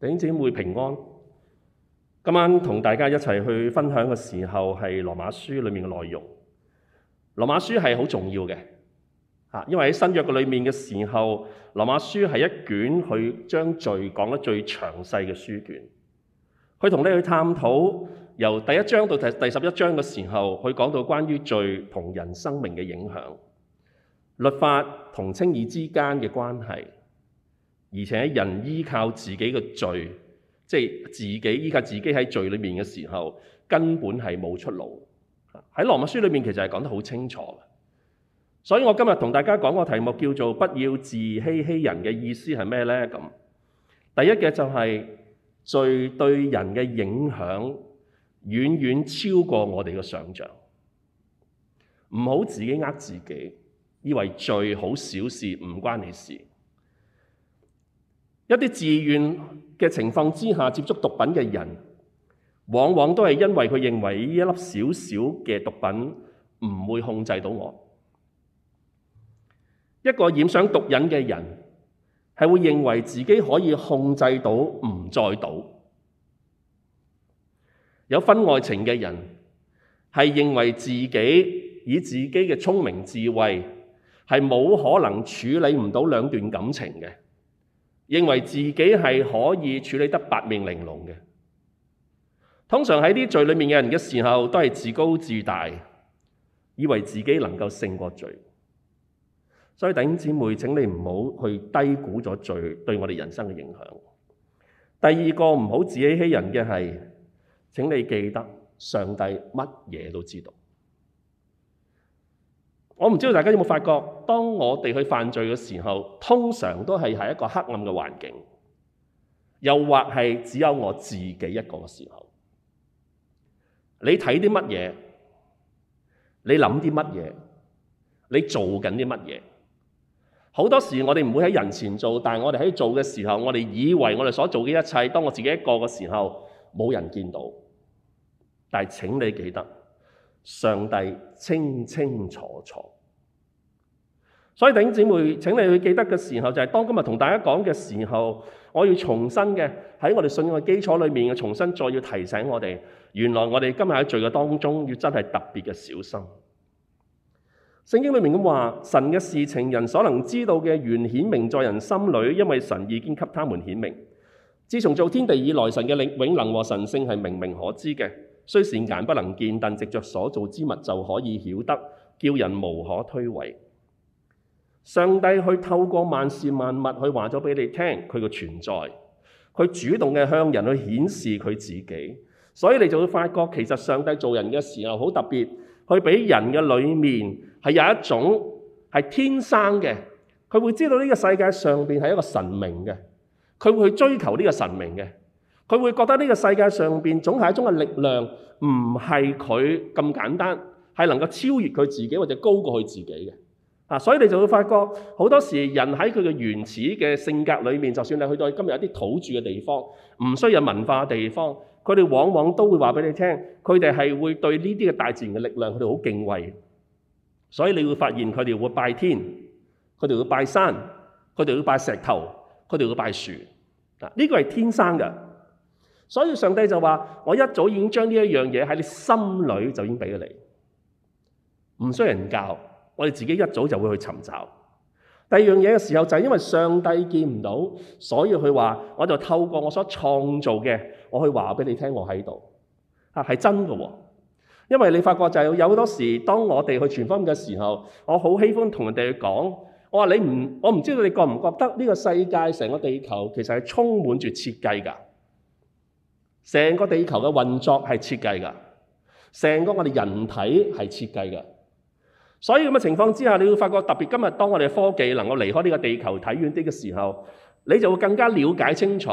弟兄姊妹平安，今晚同大家一齊去分享嘅時候係羅馬書裏面嘅內容。羅馬書係好重要嘅，嚇，因為喺新約嘅裏面嘅時候，羅馬書係一卷去將罪講得最詳細嘅書卷。佢同你去探討由第一章到第第十一章嘅時候，佢講到關於罪同人生命嘅影響、律法同稱義之間嘅關係。而且人依靠自己嘅罪，即係自己依靠自己喺罪裏面嘅時候，根本係冇出路。喺《羅馬書》裏面其實係講得好清楚的。所以我今日同大家講個題目叫做「不要自欺欺人」嘅意思係咩咧？咁第一嘅就係罪對人嘅影響遠遠遠超過我哋嘅想象唔好自己呃自己，以為罪好小事唔關你事。一啲自願嘅情況之下接觸毒品嘅人，往往都係因為佢認為呢一粒小小嘅毒品唔會控制到我。一個染上毒癮嘅人係會認為自己可以控制到唔再賭。有婚外情嘅人係認為自己以自己嘅聰明智慧係冇可能處理唔到兩段感情嘅。認為自己是可以處理得八面玲瓏嘅，通常喺啲罪裏面嘅人嘅時候，都是自高自大，以為自己能夠勝過罪。所以弟兄姐妹，請你唔好去低估咗罪對我哋人生嘅影響。第二個唔好自欺欺人嘅是，請你記得上帝乜嘢都知道。我唔知道大家有冇發覺，當我哋去犯罪嘅時候，通常都係喺一個黑暗嘅環境，又或係只有我自己一個嘅時候。你睇啲乜嘢？你諗啲乜嘢？你做緊啲乜嘢？好多時候我哋唔會喺人前做，但係我哋喺做嘅時候，我哋以為我哋所做嘅一切，當我自己一個嘅時候，冇人見到。但係請你記得。上帝清清楚楚，所以頂姐妹，請你去記得嘅時候，就係當今日同大家講嘅時候，我要重新嘅喺我哋信仰嘅基礎裏面，重新再要提醒我哋，原來我哋今日喺罪嘅當中，要真係特別嘅小心。聖經裏面咁話，神嘅事情人所能知道嘅，原顯明在人心裏，因為神已經給他們顯明。自從造天地以來，神嘅力、永能和神性係明明可知嘅。雖然眼不能見，但藉著所造之物就可以曉得，叫人無可推諉。上帝去透過萬事萬物去話咗俾你聽佢嘅存在，佢主動嘅向人去顯示佢自己，所以你就會發覺其實上帝做人嘅時候好特別，去畀人嘅裏面係有一種係天生嘅，佢會知道呢個世界上邊係一個神明嘅，佢會去追求呢個神明嘅。佢會覺得呢個世界上面總係一種嘅力量，唔係佢咁簡單，係能夠超越佢自己或者高過佢自己嘅。啊，所以你就會發覺好多時人喺佢嘅原始嘅性格裏面，就算你去到今日一啲土著嘅地方，唔需要有文化嘅地方，佢哋往往都會話俾你聽，佢哋係會對呢啲嘅大自然嘅力量，佢哋好敬畏。所以你會發現佢哋會拜天，佢哋會拜山，佢哋會拜石頭，佢哋會拜樹。嗱、這、呢個係天生嘅。所以上帝就話：我一早已經將呢一樣嘢喺你心裏就已經俾咗你，唔需要人教，我哋自己一早就會去尋找。第二樣嘢嘅時候就係因為上帝見唔到，所以佢話：我就透過我所創造嘅，我去話俾你聽，我喺度嚇係真嘅、哦、因為你發覺就係有好多時，當我哋去傳福音嘅時候，我好喜歡同人哋去講：我話你唔，我唔知道你覺唔覺得呢個世界成個地球其實係充滿住設計㗎。成個地球嘅運作係設計㗎，成個我哋人體係設計㗎，所以咁嘅情況之下，你會發覺特別今日，當我哋科技能夠離開呢個地球睇遠啲嘅時候，你就會更加了解清楚，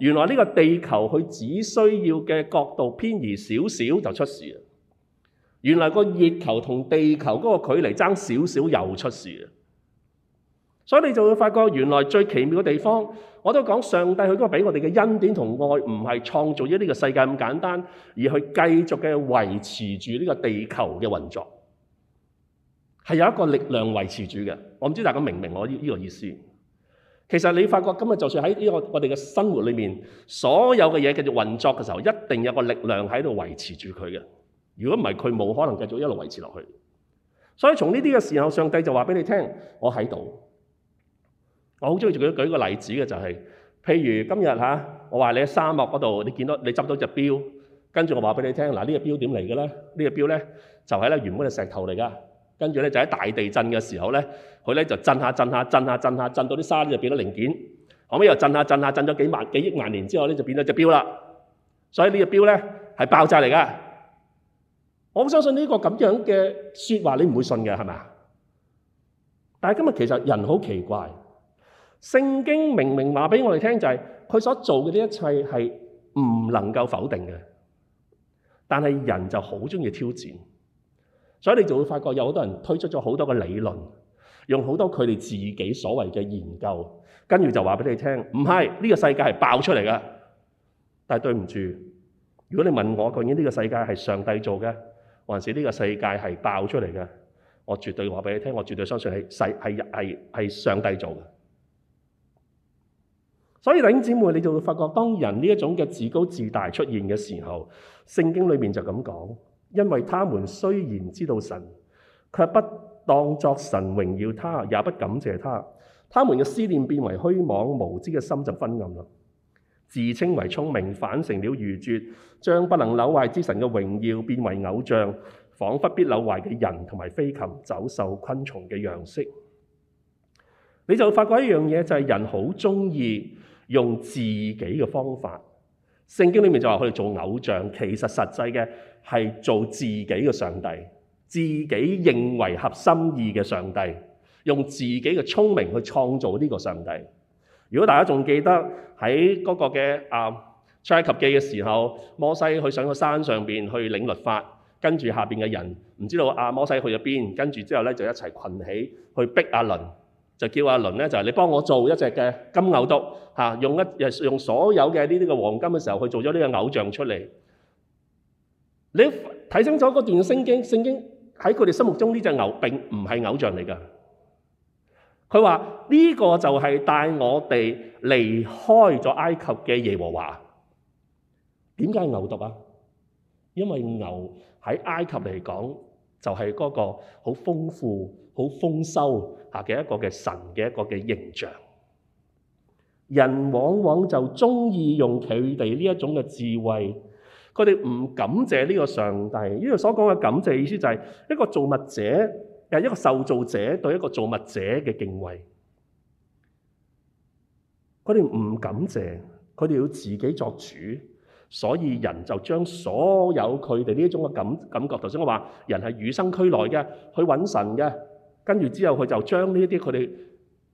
原來呢個地球佢只需要嘅角度偏移少少就出事啊！原來個月球同地球嗰個距離爭少少又出事了！所以你就會發覺，原來最奇妙嘅地方，我都講上帝佢都係俾我哋嘅恩典同愛，唔係創造咗呢個世界咁簡單，而去繼續嘅維持住呢個地球嘅運作，係有一個力量維持住嘅。我唔知道大家明唔明白我呢個意思？其實你發覺今日就算喺呢個我哋嘅生活裏面，所有嘅嘢繼續運作嘅時候，一定有個力量喺度維持住佢嘅。如果唔係，佢冇可能繼續一路維持落去。所以從呢啲嘅時候，上帝就話俾你聽：我喺度。我好鍾意佢舉一個例子嘅就係、是，譬如今日我話你喺沙漠嗰度，你見到你執到一隻錶，跟住我話俾你聽，嗱、這個、呢隻錶點嚟嘅咧？呢、這個錶咧就係原本係石頭嚟㗎，跟住咧就喺大地震嘅時候呢，佢就震下震下震下震下，震到啲沙就變咗零件，後尾又震下震下震咗幾萬幾億萬年之後咧，就變咗隻錶喇。所以呢隻錶呢，係爆炸嚟㗎。我相信呢、這個咁樣嘅説話你唔會信㗎，係咪？但係今日其實人好奇怪。聖經明明話俾我哋聽、就係，就係佢所做嘅呢一切係唔能夠否定嘅。但係人就好中意挑戰，所以你就會發覺有好多人推出咗好多個理論，用好多佢哋自己所謂嘅研究，跟住就話俾你聽：唔係呢個世界係爆出嚟嘅。但係對唔住，如果你問我究竟呢個世界係上帝做嘅，還是呢個世界係爆出嚟嘅？我絕對話俾你聽，我絕對相信係係係係上帝做嘅。所以弟兄姐妹，你就會發覺，當人呢種嘅自高自大出現嘅時候，聖經裏面就咁講：因為他們雖然知道神，卻不當作神榮耀他，也不感謝他。他們嘅思念變為虛妄，無知嘅心就昏暗啦。自稱為聰明，反成了愚拙，將不能朽壞之神嘅榮耀變為偶像，仿佛必朽壞嘅人同埋飛禽走獸、昆蟲嘅樣式。你就會發覺一樣嘢，就是人好中意。用自己嘅方法，聖經裏面就話佢哋做偶像，其實實際嘅係做自己嘅上帝，自己認為合心意嘅上帝，用自己嘅聰明去創造呢個上帝。如果大家仲記得喺嗰個嘅啊出埃及記嘅時候，摩西上去上個山上邊去領律法，跟住下面嘅人唔知道阿摩西去咗邊，跟住之後呢就一齊群起去逼阿倫。就叫阿倫咧，就係你幫我做一隻嘅金牛犢嚇，用一用所有嘅呢啲嘅黃金嘅時候去做咗呢個偶像出嚟。你睇清楚嗰段聖經，聖經喺佢哋心目中呢隻牛並唔係偶像嚟㗎。佢話呢個就係帶我哋離開咗埃及嘅耶和華。點解係牛犢啊？因為牛喺埃及嚟講就係嗰個好豐富。好豐收下嘅一個嘅神嘅一個嘅形象，人往往就中意用佢哋呢一種嘅智慧，佢哋唔感謝呢個上帝。呢度所講嘅感謝意思就係一個造物者誒，一個受造者對一個造物者嘅敬畏。佢哋唔感謝，佢哋要自己作主，所以人就將所有佢哋呢一種嘅感感覺。頭先我話人係與生俱來嘅，去揾神嘅。跟住之後，佢就將呢啲佢哋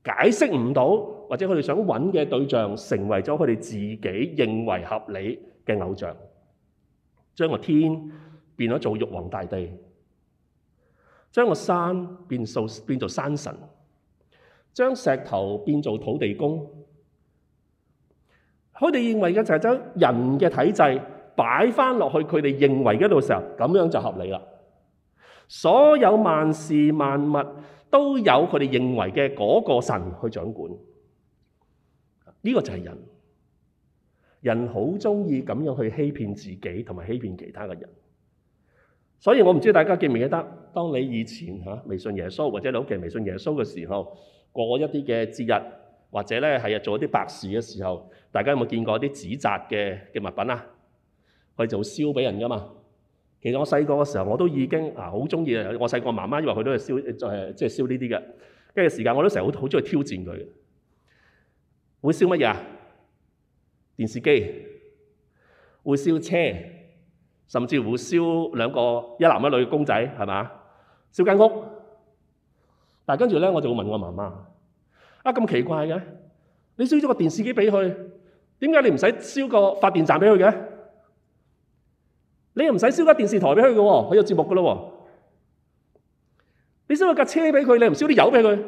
解釋唔到，或者佢哋想揾嘅對象，成為咗佢哋自己認為合理嘅偶像。將個天變咗做玉皇大帝，將個山變做山神，將石頭變做土地公。佢哋認為嘅就係將人嘅體制擺翻落去，佢哋認為嘅度時候，咁樣就合理啦。所有萬事萬物都有佢哋認為嘅嗰個神去掌管，呢個就係人。人好鍾意噉樣去欺騙自己，同埋欺騙其他嘅人。所以我唔知道大家記唔記得，當你以前仲未信耶穌或者你屋企未信耶穌嘅時候，過一啲嘅節日或者係做一啲白事嘅時候，大家有冇有見過一啲紙紮嘅物品啊？佢就燒畀人噶嘛。其實我細個嘅時候我都已經、啊、好中意我細個媽媽因為佢都係燒誒即係燒呢啲嘅。跟住時間我都成日好好中意挑戰佢嘅，會燒乜嘢啊？電視機，會燒車，甚至會燒兩個一男一女嘅公仔，係嘛？燒間屋。但係跟住呢，我就會問我媽媽，啊咁奇怪嘅，你燒咗個電視機俾佢，點解你唔使燒個發電站俾佢嘅？你唔使燒架電視台俾佢嘅，佢有節目嘅咯。你燒架車俾佢，你唔燒啲油俾佢。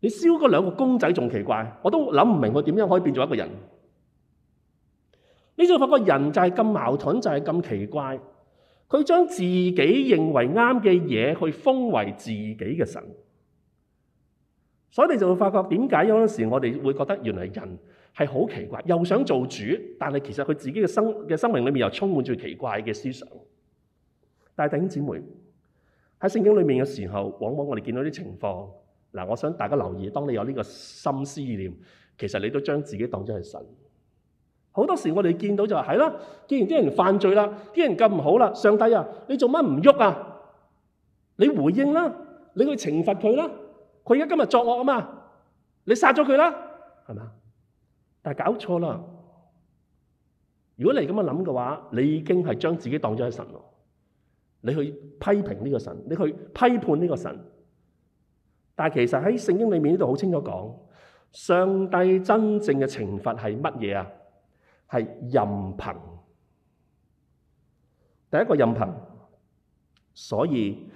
你燒嗰兩個公仔仲奇怪，我都諗唔明佢點樣可以變做一個人。你就會發覺人就係咁矛盾，就係咁奇怪。佢將自己認為啱嘅嘢，去封為自己嘅神，所以你就會發覺點解有陣時我哋會覺得原嚟人。係好奇怪，又想做主，但係其實佢自己嘅生嘅生命裏面又充滿住奇怪嘅思想。但係弟兄姊妹喺聖經裏面嘅時候，往往我哋見到啲情況嗱，我想大家留意，當你有呢個心思意念，其實你都將自己當咗係神。好多時我哋見到就係係啦，既然啲人犯罪啦，啲人咁唔好啦，上帝啊，你做乜唔喐啊？你回應啦，你去懲罰佢啦，佢而家今日作惡啊嘛，你殺咗佢啦，係咪啊？但係搞錯啦！如果你咁樣諗嘅話，你已經係將自己當咗係神咯。你去批評呢個神，你去批判呢個神。但係其實喺聖經裏面呢度好清楚講，上帝真正嘅懲罰係乜嘢啊？係任憑。第一個任憑，所以。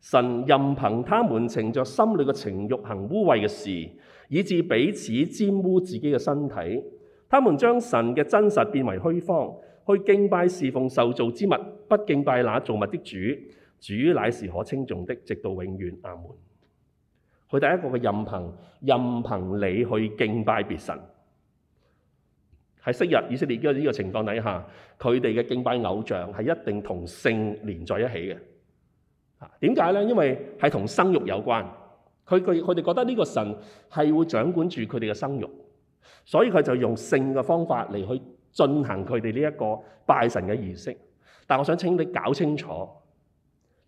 神任憑他們憑着心裏嘅情欲行污穢嘅事，以致彼此沾污自己嘅身體。他們將神嘅真實變為虛方，去敬拜侍奉受造之物，不敬拜那造物的主。主乃是可稱頌的，直到永遠阿。阿門。佢第一個嘅任憑，任憑你去敬拜別神。喺昔日以色列的這呢個情況底下，佢哋嘅敬拜偶像是一定同性連在一起嘅。嚇點解咧？因為係同生育有關，佢佢佢哋覺得呢個神係會掌管住佢哋嘅生育，所以佢就用性嘅方法嚟去進行佢哋呢一個拜神嘅儀式。但我想請你搞清楚，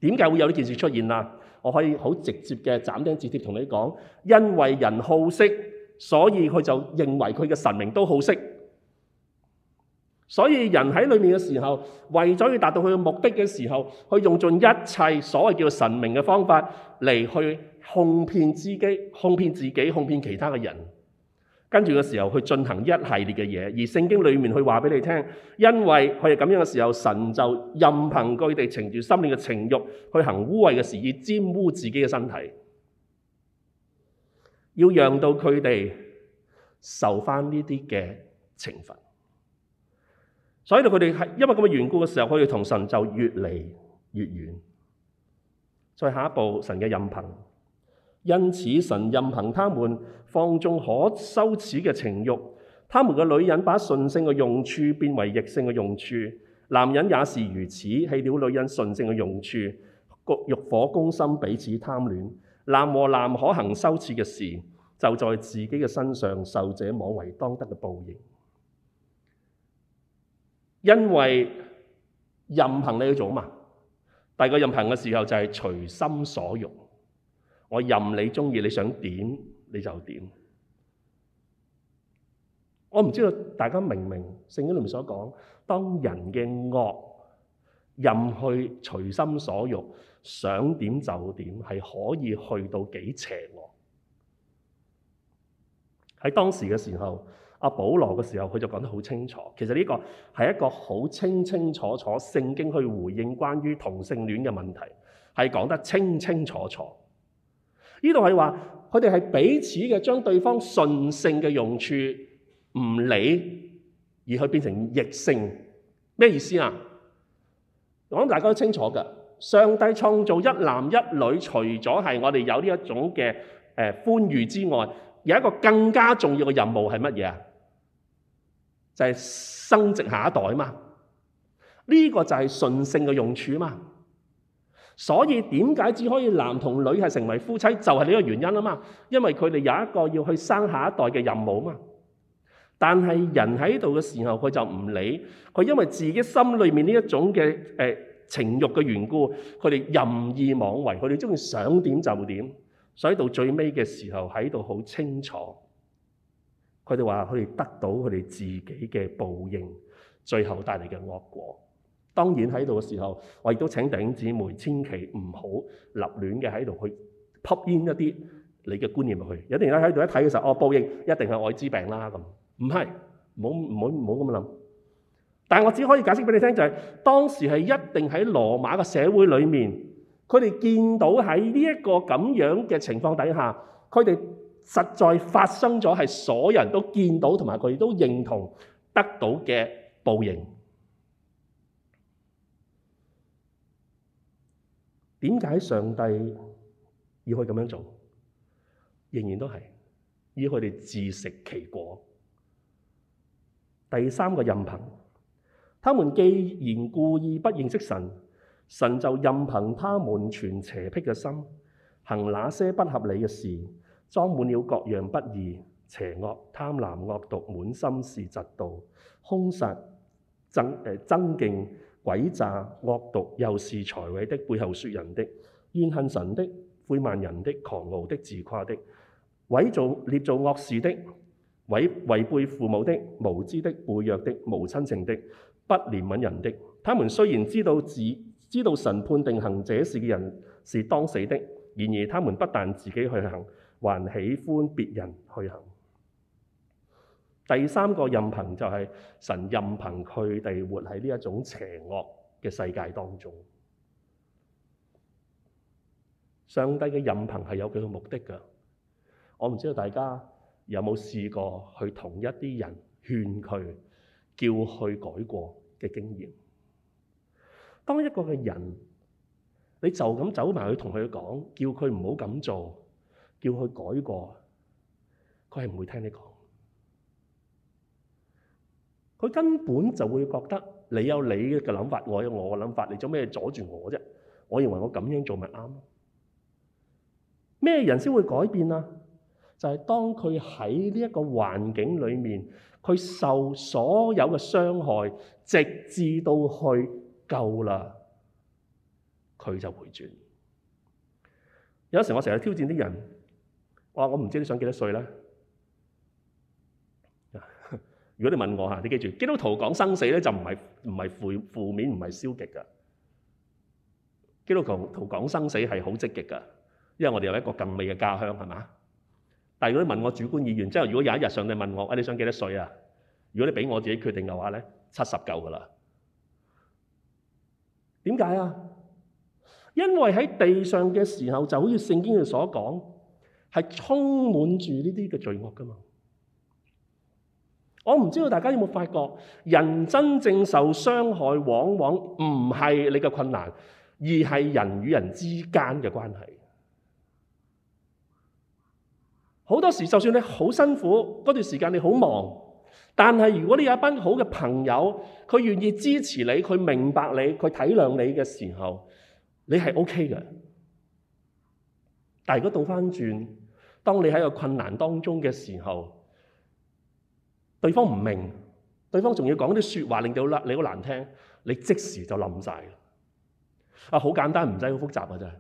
點解會有呢件事出現啦？我可以好直接嘅斬釘截鐵同你講，因為人好色，所以佢就認為佢嘅神明都好色。所以人喺裏面嘅時候，為咗要達到佢嘅目的嘅時候，去用盡一切所謂叫做神明嘅方法嚟去哄騙自己、哄騙自己、哄騙其他的人。跟住嘅時候去進行一系列嘅嘢，而聖經裏面去話俾你聽，因為佢哋咁樣嘅時候，神就任憑佢哋逞住心裏嘅情欲去行污穢嘅事，而玷污自己嘅身體，要讓到佢哋受到呢啲嘅懲罰。所以佢哋係因為咁嘅緣故嘅時候，佢哋同神就越嚟越遠。再下一步，神嘅任憑，因此神任憑他們放縱可羞恥嘅情欲，他們嘅女人把順性嘅用處變為逆性嘅用處，男人也是如此棄了女人順性嘅用處，欲火攻心，彼此貪戀，男和男可行羞恥嘅事，就在自己嘅身上受這妄為當得嘅報應。因為任憑你去做嘛，但係個任憑嘅時候就係隨心所欲，我任你中意，你想點你就點。我唔知道大家明唔明？聖經裏面所講，當人嘅惡任去隨心所欲，想點就點，係可以去到幾邪惡，喺當時嘅時候。阿保羅嘅時候，佢就講得好清楚。其實呢個係一個好清清楚楚聖經去回應關於同性戀嘅問題，係講得清清楚楚。呢度係話佢哋係彼此嘅將對方順性嘅用處唔理，而去變成逆性。咩意思啊？我諗大家都清楚㗎。上帝創造一男一女，除咗係我哋有呢一種嘅誒歡愉之外，有一個更加重要嘅任務係乜嘢？就係、是、生殖下一代嘛，呢、這個就係順性嘅用處嘛。所以點解只可以男同女係成為夫妻，就係、是、呢個原因啊嘛。因為佢哋有一個要去生下一代嘅任務嘛。但係人喺度嘅時候，佢就唔理佢，他因為自己心裏面呢一種嘅、呃、情慾嘅緣故，佢哋任意妄為，佢哋鍾意想點就點。所以到最尾嘅時候喺度好清楚。佢哋話：佢哋得到佢哋自己嘅報應，最後帶嚟嘅惡果。當然喺度嘅時候，我亦都請弟兄姊妹千祈唔好立亂嘅喺度去吸煙一啲你嘅觀念落去。有啲人喺度一睇嘅時候，哦，報應一定係愛滋病啦咁。唔係，唔好唔好唔好咁諗。但係我只可以解釋俾你聽，就係、是、當時係一定喺羅馬嘅社會裏面，佢哋見到喺呢一個咁樣嘅情況底下，佢哋。實在發生咗係所有人都見到，同埋佢哋都認同得到嘅報應。點解上帝要佢咁樣做？仍然都係，要佢哋自食其果。第三個任憑，他們既然故意不認識神，神就任憑他們存邪僻嘅心，行那些不合理嘅事。裝滿了各樣不義、邪惡、貪婪、惡毒、滿心是嫉妒、兇殺、爭、呃、爭競、詭詐、呃、惡毒、又是讒毀的背後説人的，怨恨神的、侮慢人的、狂傲的、自誇的、偽造、捏造惡事的、違違背父母的、無知的、背約的、無親情的、不憐憫人的。他們雖然知道自知道神判定行這事嘅人是當死的，然而他們不但自己去行。還喜歡別人去行。第三個任憑就係神任憑佢哋活喺呢種邪惡嘅世界當中。上帝嘅任憑係有佢嘅目的㗎。我唔知道大家有冇試過去同一啲人勸佢，叫佢改過嘅經驗。當一個嘅人，你就咁走埋去同佢講，叫佢唔好咁做。叫佢改過，佢係唔會聽你講。佢根本就會覺得你有你嘅諗法，我有我嘅諗法，你做咩阻住我啫？我認為我咁樣做咪啱？咩人先會改變啊？就係當佢喺呢一個環境裏面，佢受所有嘅傷害，直至到去夠啦，佢就回轉。有時我成日挑戰啲人。哇！我唔知你想幾多歲啦。如果你問我嚇，你記住，基督徒講生死咧就唔係唔係負負面唔係消極嘅。基督徒同講生死係好積極嘅，因為我哋有一個更美嘅家鄉係嘛。但係如果你問我主觀意願，即係如果有一日上帝問我：啊你想幾多歲啊？如果你俾我自己決定嘅話咧，七十夠噶啦。點解啊？因為喺地上嘅時候，就好似聖經佢所講，係充滿住呢啲嘅罪惡㗎嘛？我唔知道大家有冇發覺，人真正受傷害，往往唔係你嘅困難，而係人與人之間嘅關係。好多時，就算你好辛苦，嗰段時間你好忙，但係如果你有一班好嘅朋友，佢願意支持你，佢明白你，佢體諒你嘅時候，你係 OK 嘅。但如果倒翻轉，當你喺個困難當中嘅時候，對方唔明，對方仲要講啲說話令到你好難聽，你即時就冧晒。啊，好簡單，唔使好複雜啊！真係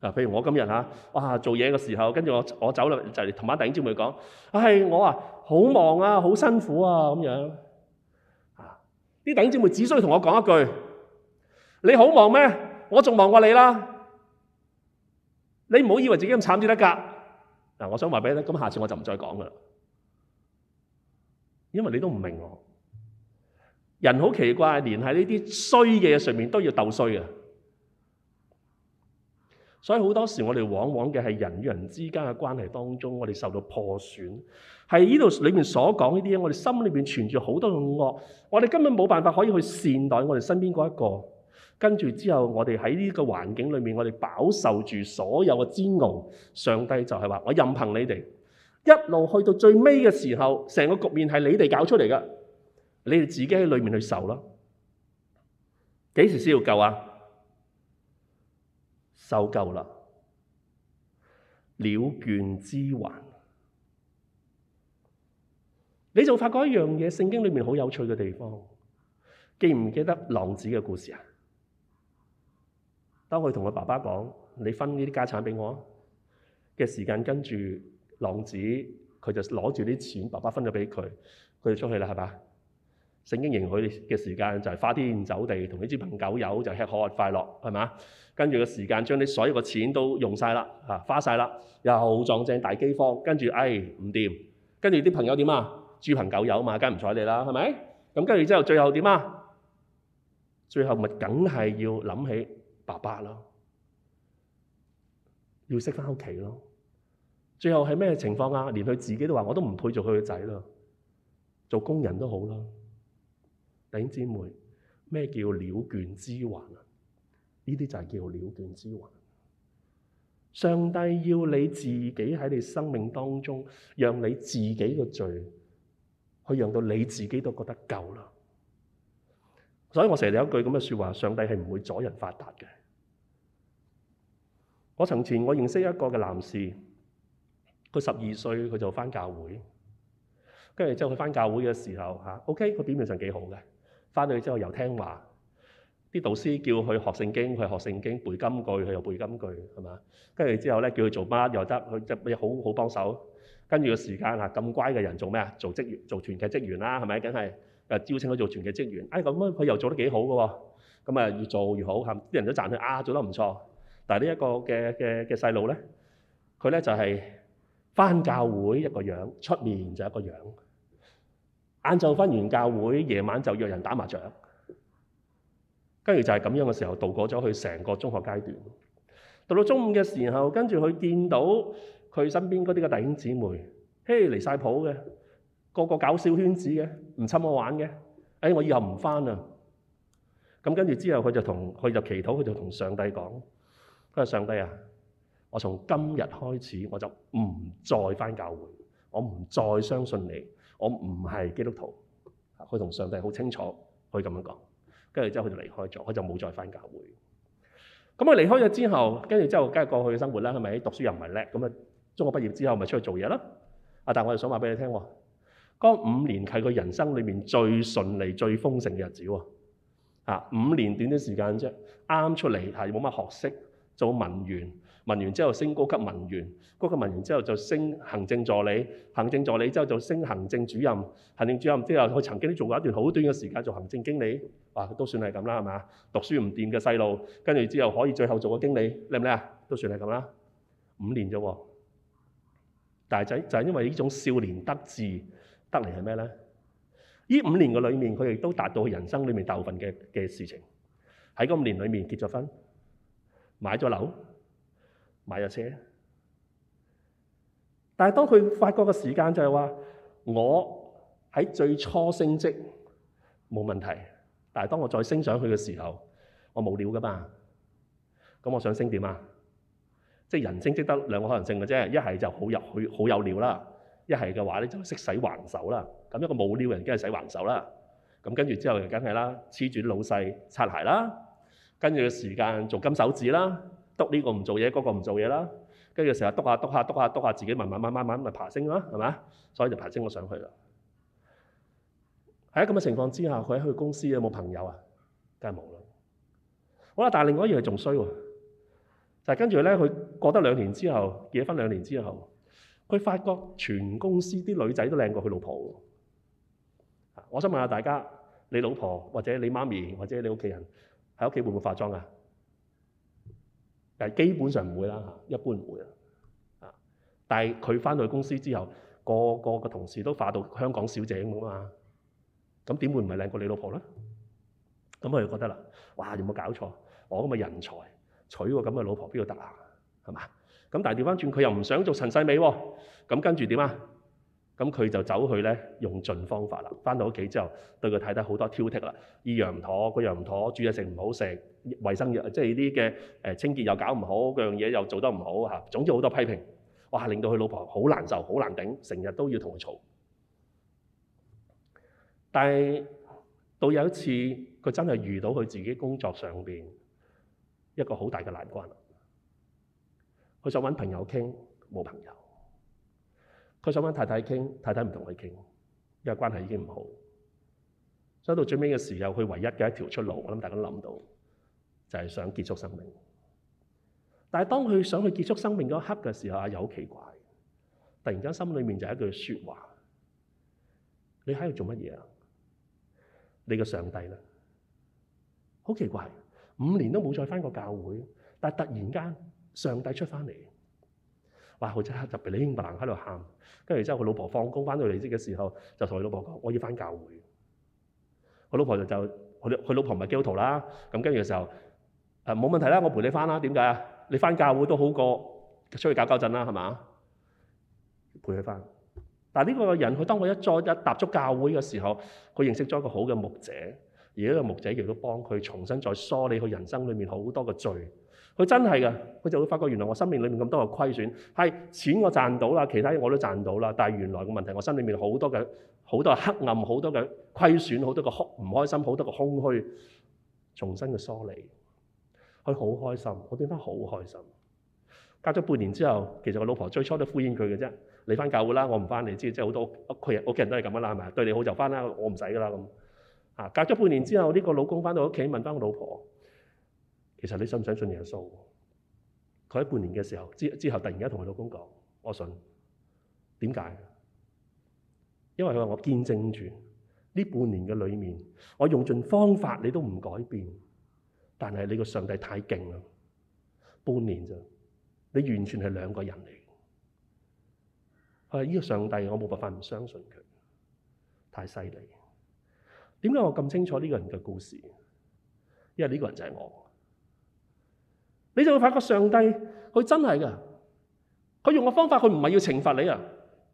啊，譬如我今日啊，哇，做嘢嘅時候，跟住我我走啦，就同埋弟兄姐妹講，唉、哎，我啊好忙啊，好辛苦啊咁樣。啊，啲弟兄姐妹只需要同我講一句：你好忙咩？我仲忙過你啦。你唔好以為自己咁慘就得㗎。我想話畀你，咁下次我就唔再講㗎，因為你都唔明白我。人好奇怪，連喺呢啲衰嘅嘢上面都要鬥衰㗎。所以好多時候我哋往往嘅係人與人之間嘅關係當中，我哋受到破損，喺呢度裏面所講呢啲嘢，我哋心裏面存住好多嘅惡，我哋根本冇辦法可以去善待我哋身邊嗰一個。跟住之後，我哋喺呢個環境裏面，我哋飽受住所有嘅煎熬。上帝就係話：我任憑你哋一路去到最尾嘅時候，成個局面係你哋搞出嚟㗎。」你哋自己喺裏面去受囉，幾時先要救啊？受夠啦，了倦之環。你就發覺一樣嘢，聖經裏面好有趣嘅地方。記唔記得浪子嘅故事啊？當佢同佢爸爸講，你分呢啲家產俾我嘅時間，跟住浪子佢就攞住啲錢，爸爸分咗俾佢，佢就出去啦，係咪？聖經容許嘅時間就係花天酒地，同啲豬朋狗友就吃喝快樂，係咪？跟住個時間將啲所有個錢都用晒啦，啊，花晒啦，又撞正大饑荒，跟住誒唔掂，跟住啲朋友點呀？豬朋狗友嘛，梗唔睬你啦，係咪？咁跟住之後最後點呀？最後咪梗係要諗起。爸爸咯，要識翻屋企咯。最後係咩情況啊？連佢自己都話：我都唔配做佢嘅仔啦。做工人都好啦。弟兄姊妹，咩叫了卷之還啊？呢啲就係叫了卷之還。上帝要你自己喺你生命當中，讓你自己嘅罪，去讓到你自己都覺得夠啦。所以我成日有一句咁嘅說話：上帝係唔會阻人發達嘅。我從前我認識一個嘅男士，佢十二歲佢就翻教會，跟住之後佢翻教會嘅時候吓 OK 佢表面上幾好嘅，翻到去之後又聽話，啲導師叫佢學聖經，佢學聖經背金句，佢又背金句，係咪？跟住之後呢叫佢做乜，又得，佢即係好好幫手。跟住個時間嚇咁乖嘅人做咩啊？做職員做團契職員啦，係咪？梗係招請佢做團契職員，他咁佢、哎、又做得幾好嘅喎，咁越做越好係咪？啲人都讚佢啊，做得唔錯。但係呢一個嘅嘅嘅細路咧，佢咧就係翻教會一個樣，出面就一個樣。晏晝翻完教會，夜晚就約人打麻雀，跟住就係咁樣嘅時候度過咗佢成個中學階段。到到中午嘅時候，跟住佢見到佢身邊嗰啲嘅弟兄姊妹，嘿，離曬譜嘅，個個搞笑圈子嘅，唔襯我玩嘅，誒，我以後唔翻啦。咁跟住之後，佢就同佢就祈禱，佢就同上帝講。佢話：上帝啊，我從今日開始我不，我就唔再返教會，我唔再相信你，我唔係基督徒。佢同上帝好清楚，可以咁樣講。跟住之後，佢就離開咗，佢就冇再返教會。咁佢離開咗之後，跟住之後，梗係過去嘅生活啦，係咪讀書又唔係叻咁啊？中學畢業之後，咪出去做嘢啦。啊，但係我又想話俾你聽，嗰、那個、五年係佢人生裏面最順利、最豐盛嘅日子喎。五年短啲時間啫，啱出嚟係冇乜學識。做文員，文員之後升高級文員，高級文員之後就升行政助理，行政助理之後就升行政主任，行政主任之後佢曾經都做過一段好短嘅時間做行政經理，啊都算係咁啦，係咪啊？讀書唔掂嘅細路，跟住之後可以最後做個經理，叻唔叻啊？都算係咁啦，五年啫喎，但係就就係因為呢種少年得志得嚟係咩咧？呢五年嘅裏面，佢亦都達到人生裏面大部分嘅嘅事情，喺呢五年裏面結咗婚。買咗樓，買咗車，但係當佢發覺嘅時間就係話，我喺最初升職冇問題，但係當我再升上去嘅時候，我冇料㗎嘛。咁我想升點啊？即、就是、人升職得兩個可能性嘅啫，一係就好有好有料啦，一係嘅話你就識使橫手啦。咁一個冇料嘅人梗係使橫手啦。咁跟住之後就梗係啦，黐住老細擦鞋啦。跟住嘅時間做金手指啦，篤呢個唔做嘢，嗰個唔做嘢啦。跟住成日篤下篤下篤下篤下，自己慢慢慢慢慢慢咪爬升啦，係咪？所以就爬升咗上去啦。喺咁嘅情況之下，佢喺佢公司有冇朋友啊？梗係冇啦。好啦，但係另外一樣係仲衰喎。就係跟住咧，佢過得兩年之後，結婚兩年之後，佢發覺全公司啲女仔都靚過佢老婆。我想問下大家，你老婆或者你媽咪或者你屋企人？喺屋企會唔會化妝啊？基本上唔會啦，一般唔會啊。但係佢翻到去公司之後，個個同事都化到香港小姐咁啊。咁點會唔係靚過你老婆呢？咁佢覺得啦，哇！有冇有搞錯？我咁嘅人才娶個咁嘅老婆邊度得啊？係嘛？咁但係調翻轉，佢又唔想做陳世美喎、啊。咁跟住點啊？咁佢就走去咧用盡方法啦。翻到屋企之後，對佢睇得好多挑剔啦，依樣唔妥，嗰樣唔妥，煮嘢食唔好食，衛生又即係呢啲嘅清潔又搞唔好，嗰樣嘢又做得唔好嚇、啊。總之好多批評，哇，令到佢老婆好難受，好難頂，成日都要同佢嘈。但係到有一次，佢真係遇到佢自己工作上面一個好大嘅難關，佢想搵朋友傾，冇朋友。佢想揾太太傾，太太唔同佢傾，因為關係已經唔好，所以到最尾嘅時候，佢唯一嘅一條出路，我諗大家諗到，就係想結束生命。但係當佢想去結束生命嗰一刻嘅時候，又好奇怪，突然間心裡面就係一句説話：你喺度做乜嘢啊？你個上帝咧，好奇怪，五年都冇再翻過教會，但係突然間上帝出翻嚟。哇！佢即刻就噼里啪啦喺度喊，跟住之後佢老婆放工翻到嚟接嘅時候，就同佢老婆講：我要翻教會。佢老婆就就佢佢老婆唔係基督徒啦。咁跟住嘅時候，誒、啊、冇問題啦，我陪你翻啦。點解啊？你翻教會都好過出去搞搞震啦，係嘛？陪佢翻。但係呢個人，佢當佢一再一踏入教會嘅時候，佢認識咗一個好嘅牧者，而呢個牧者亦都幫佢重新再梳理佢人生裏面好多嘅罪。佢真係噶，佢就會發覺原來我生命裏面咁多嘅虧損係錢我賺到啦，其他嘢我都賺到啦。但係原來個問題，我心裏面好多嘅好多黑暗，好多嘅虧損，好多嘅唔開心，好多嘅空虛，重新嘅梳理，佢好開心，佢變得好開心。隔咗半年之後，其實我老婆最初都敷衍佢嘅啫，你翻教會啦，我唔翻你知。即係好多屋企人，屋企人都係咁啊嘛，對你好就翻啦，我唔使啦咁。啊，隔咗半年之後，呢、這個老公翻到屋企問翻我老婆。其實你相唔相信耶穌？佢喺半年嘅時候之之後，突然間同佢老公講：我信。點解？因為佢話我見證住呢半年嘅裏面，我用盡方法你都唔改變，但係你個上帝太勁啦。半年咋，你完全係兩個人嚟。佢話呢個上帝，我冇辦法唔相信佢，太犀利。點解我咁清楚呢個人嘅故事？因為呢個人就係我。你就會發覺上帝佢真係㗎，佢用個方法佢唔係要懲罰你啊，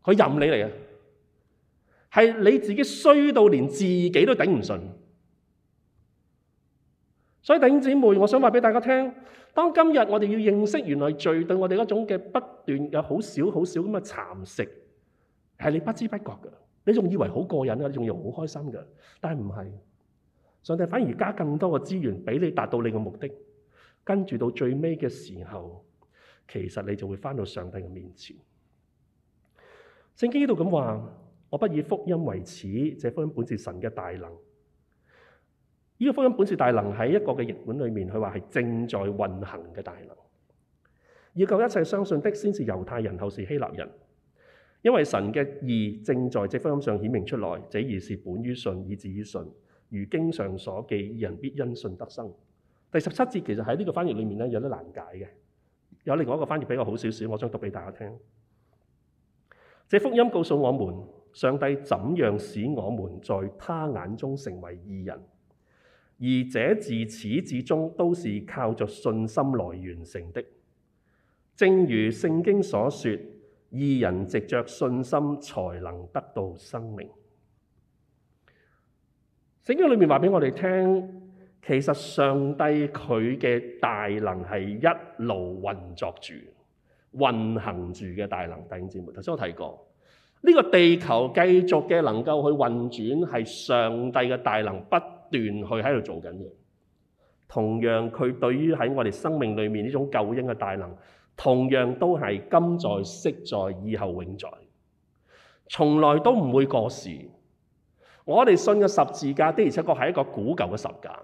佢任你嚟嘅，係你自己衰到連自己都頂唔順。所以頂姐妹，我想話俾大家聽，當今日我哋要認識原來罪對我哋嗰種嘅不斷有好少好少咁嘅蠶食，係你不知不覺嘅，你仲以為好過癮啊，你仲以為好開心嘅，但係唔係，上帝反而加更多嘅資源俾你達到你嘅目的。跟住到最尾嘅時候，其實你就會翻到上帝嘅面前。聖經呢度咁話：我不以福音為恥，這福音本是神嘅大能。呢、這個福音本是大能喺一個嘅譯本裏面，佢話係正在運行嘅大能。要救一切相信的，先是猶太人，後是希臘人，因為神嘅義正在這福音上顯明出來。這義是本於信，以至於信。如經上所記：義人必因信得生。第十七節其實喺呢個翻譯裏面咧有啲難解嘅，有另外一個翻譯比較好少少，我想讀俾大家聽。這福音告訴我們，上帝怎樣使我們在他眼中成為義人，而這自始至終都是靠着信心來完成的。正如聖經所說，義人藉着信心才能得到生命。聖經裏面話俾我哋聽。其實上帝佢嘅大能係一路運作住、運行住嘅大能。弟兄姊妹，頭先我提過，呢個地球繼續嘅能夠去運轉係上帝嘅大能不斷去喺度做緊嘅。同樣，佢對於喺我哋生命裏面呢種救恩嘅大能，同樣都係今在、昔在、以後永在，從來都唔會過時。我哋信嘅十字架的而且確係一個古舊嘅十字架。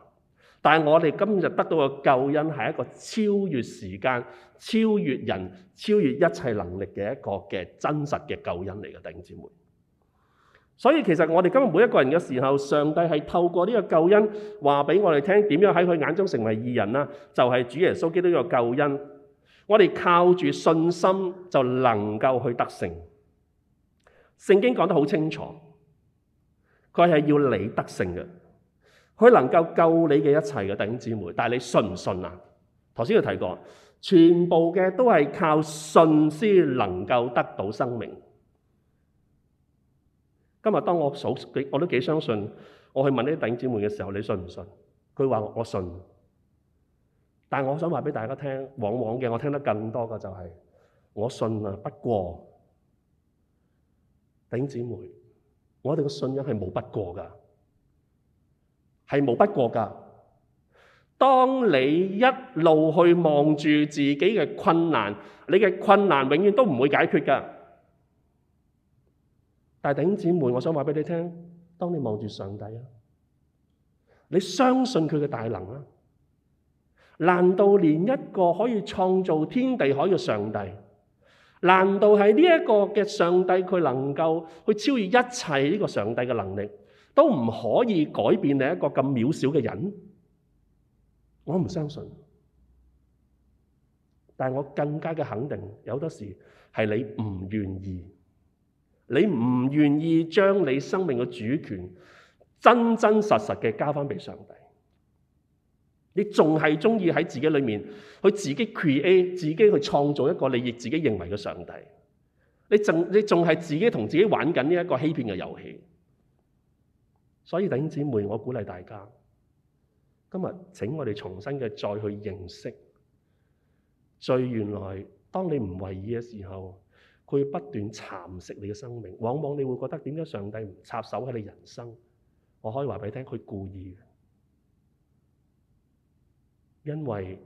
但係我哋今日得到嘅救恩係一個超越時間、超越人、超越一切能力嘅一個嘅真實嘅救恩嚟嘅，弟兄姊妹。所以其實我哋今日每一個人嘅時候，上帝係透過呢個救恩話俾我哋聽，點樣喺佢眼中成為義人啦？就係主耶穌基督呢個救恩，我哋靠住信心就能夠去得勝。聖經講得好清楚，佢係要你得勝嘅。佢能夠救你嘅一切嘅弟兄姊妹，但係你信唔信啊？頭先有提過，全部嘅都係靠信先能夠得到生命。今日當我數幾，我都幾相信。我去問啲弟兄姊妹嘅時候，你信唔信？佢話我信，但係我想話俾大家聽，往往嘅我聽得更多嘅就係我信啊。不過，弟兄姊妹，我哋嘅信仰係冇不過㗎。係無不過噶當你一路去望住自己嘅困難，你嘅困難永遠都唔會解決噶。但係弟兄姊妹，我想話俾你聽，當你望住上帝啊，你相信佢嘅大能啊。難道連一個可以創造天地海嘅上帝，難道係呢一個嘅上帝，佢能夠去超越一切呢個上帝嘅能力？都唔可以改變你一個咁渺小嘅人，我唔相信。但我更加嘅肯定，有多時係你唔願意，你唔願意將你生命嘅主權真真實實嘅交翻俾上帝。你仲係中意喺自己裏面去自己 create，自己去創造一個你亦自己認為嘅上帝。你仲你仲係自己同自己玩緊呢一個欺騙嘅遊戲。所以弟兄姐妹，我鼓勵大家，今日請我哋重新嘅再去認識罪。原來當你唔為意嘅時候，佢會不斷蠶食你嘅生命。往往你會覺得點解上帝唔插手喺你的人生？我可以話俾你聽，佢故意嘅，因為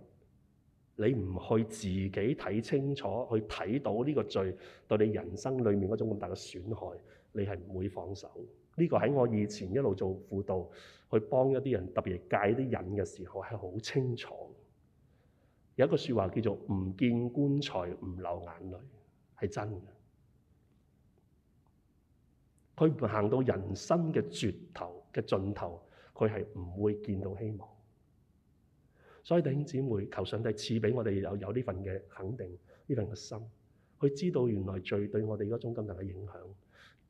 你唔去自己睇清楚，去睇到呢個罪對你人生裏面嗰種咁大嘅損害，你係唔會放手。呢、這個喺我以前一路做輔導，去幫一啲人，特別戒啲癮嘅時候，係好清楚。有一個説話叫做唔見棺材唔流眼淚，係真嘅。佢唔行到人生嘅絕頭嘅盡頭，佢係唔會見到希望。所以弟兄姊妹，求上帝賜俾我哋有有呢份嘅肯定，呢份嘅心，去知道原來罪對我哋嗰種咁大嘅影響。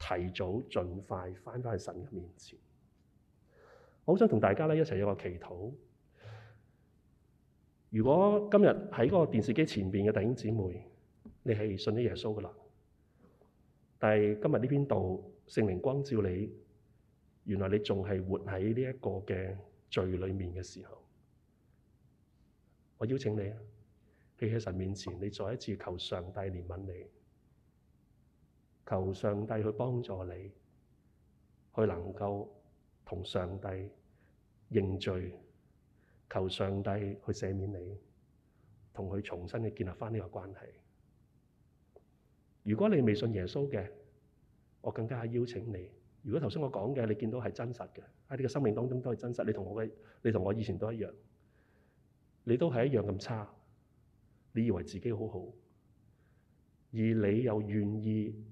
提早盡快返返去神嘅面前，我好想同大家咧一齊有個祈禱。如果今日喺嗰個電視機前邊嘅弟兄姊妹，你係信咗耶穌噶啦，但係今日呢篇道聖靈光照你，原來你仲係活喺呢一個嘅罪裡面嘅時候，我邀請你啊，你喺神面前，你再一次求上帝憐憫你。求上帝去幫助你，去能夠同上帝認罪，求上帝去赦免你，同佢重新嘅建立返呢個關係。如果你未信耶穌嘅，我更加係邀請你。如果頭先我講嘅，你見到係真實嘅喺你嘅生命當中都係真實。你同我嘅，你同我以前都一樣，你都係一樣咁差。你以為自己好好，而你又願意。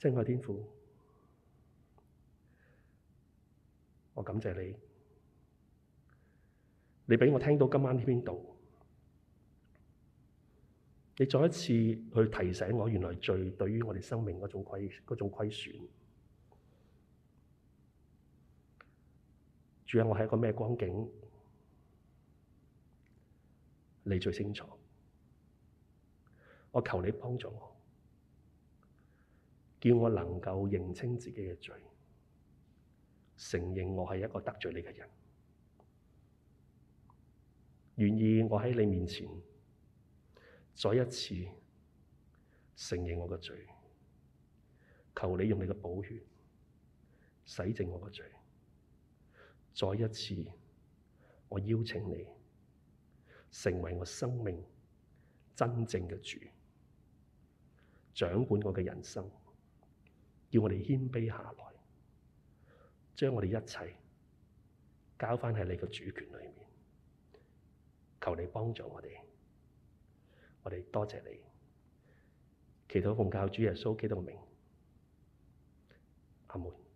親愛天父，我感謝你，你畀我聽到今晚呢邊道，你再一次去提醒我，原來罪對於我哋生命嗰種虧嗰種虧損，主啊，我係一個咩光景，你最清楚，我求你幫助我。叫我能夠認清自己嘅罪，承認我係一個得罪你嘅人，願意我喺你面前再一次承認我嘅罪，求你用你嘅寶血洗淨我嘅罪。再一次，我邀請你成為我生命真正嘅主，掌管我嘅人生。要我哋謙卑下來，將我哋一切交返喺你嘅主權裏面，求你幫助我哋，我哋多謝，謝你，祈禱奉救主耶穌基督嘅名，阿門。